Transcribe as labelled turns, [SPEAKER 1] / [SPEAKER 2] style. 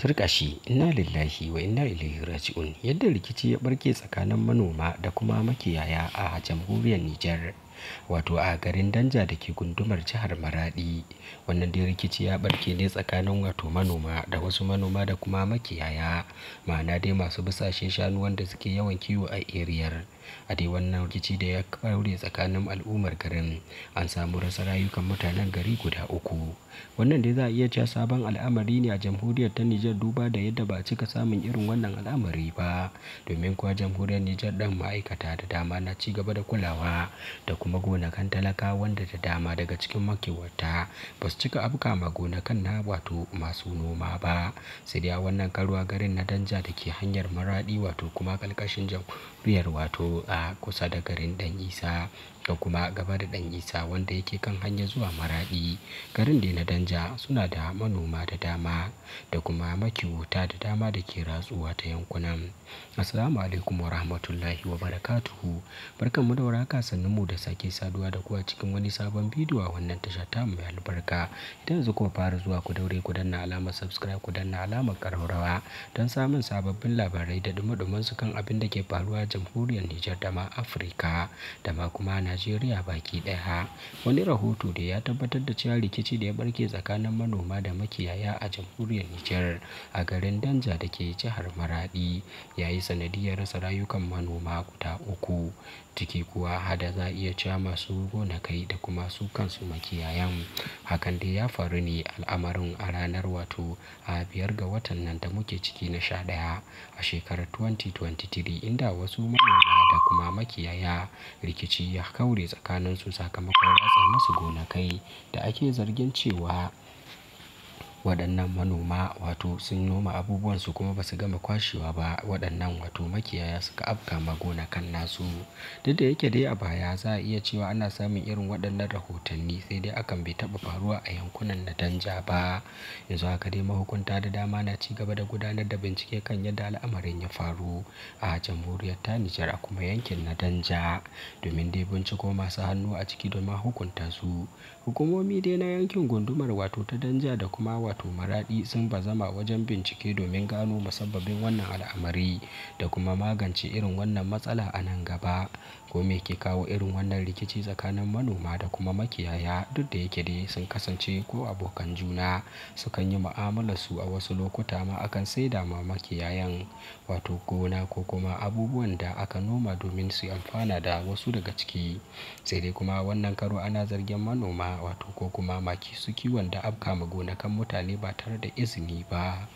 [SPEAKER 1] turkashi inna lillahi wa inna ilaihi raji'un yadda rikici ya barke tsakanin manoma da kuma makiyaya a jamhuriyar Nijar. wato a garin Danja da ke gundumar jihar Maradi. Wannan dai rikici ya ɓarke ne tsakanin wato manoma da wasu manoma da kuma makiyaya ma'ana dai masu bisashe shanu wanda suke yawan kiwo a eriyar. A dai wannan rikici da ya kaure tsakanin al'ummar garin an samu rasa rayukan mutanen gari guda uku. Wannan dai za a iya cewa sabon al'amari ne a jamhuriyar ta Nijar duba da yadda ba cika samun irin wannan al'amari ba domin kuwa jamhuriyar Nijar ɗan ma'aikata da dama na ci gaba da kulawa da kuma magonakan talaka wanda da dama daga cikin makewarta ba su cika ma gonakan na wato masu noma ba sai dai wannan karuwa garin na danja da ke hanyar maradi wato kuma kalkashin jamhuriyar wato a kusa da garin dan isa da kuma gaba da dan isa wanda yake kan hanyar zuwa maraɗi garin da na danja suna da manoma da dama da kuma makiwuta da dama da ke ratsuwa ta yankunan assalamu alaikum wa rahmatullahi wa barakatuhu barkan mu da waraka mu da sake saduwa da kuwa cikin wani sabon bidiyo a wannan tasha ta mai albarka idan yanzu kuma fara zuwa ku daure ku danna alamar subscribe ku danna alamar karaurawa don samun sababbin labarai da dumu dumansu kan abin da ke faruwa jamhuriyar Nijar da ma Afirka da ma kuma Najeriya Najeriya baki ɗaya. Wani rahoto da ya tabbatar da cewa rikici da ya barke tsakanin manoma da makiyaya a jamhuriyar Nijar a garin Danja da ke jihar Maradi ya yi sanadiyar rasa rayukan manoma guda uku, ciki kuwa hada za a iya cewa masu gonakai da kuma su kansu makiyayan. Hakan da ya faru ne al'amarin a ranar wato a biyar ga watan nan da muke ciki na sha ɗaya a shekarar 2023 inda wasu da kuma makiyaya rikici ya kaure tsakanin su sakamakon ratsa masu gonakai da ake zargin cewa waɗannan manoma wato sun noma abubuwan su kuma ba su gama kwashewa ba waɗannan wato makiyaya suka afka ma kan nasu duk da yake dai a baya za a iya cewa ana samun irin waɗannan rahotanni sai dai akan bai taɓa faruwa a yankunan na danja ba yanzu haka dai mahukunta da dama na ci gaba da gudanar da bincike kan yadda al'amarin ya faru a jamhuriyar ta Nijar a kuma yankin na danja domin dai binciko masu hannu a ciki domin hukunta su hukumomi dai na yankin gundumar wato ta danja da kuma wato maraɗi sun bazama wajen bincike domin gano musabbabin wannan al'amari da kuma magance irin wannan matsala a nan gaba. ko me ke kawo irin wannan rikici tsakanin manoma da kuma makiyaya duk da yake dai sun kasance ko abokan juna sukan yi mu'amala su a wasu lokuta ma akan saida ma makiyayan wato gona ko kuma abubuwan da aka noma domin su amfana da wasu daga ciki sai dai kuma wannan karo ana zargin manoma wato ko kuma maki su kiwon da abka ma gonakan mutane ba tare da izini ba.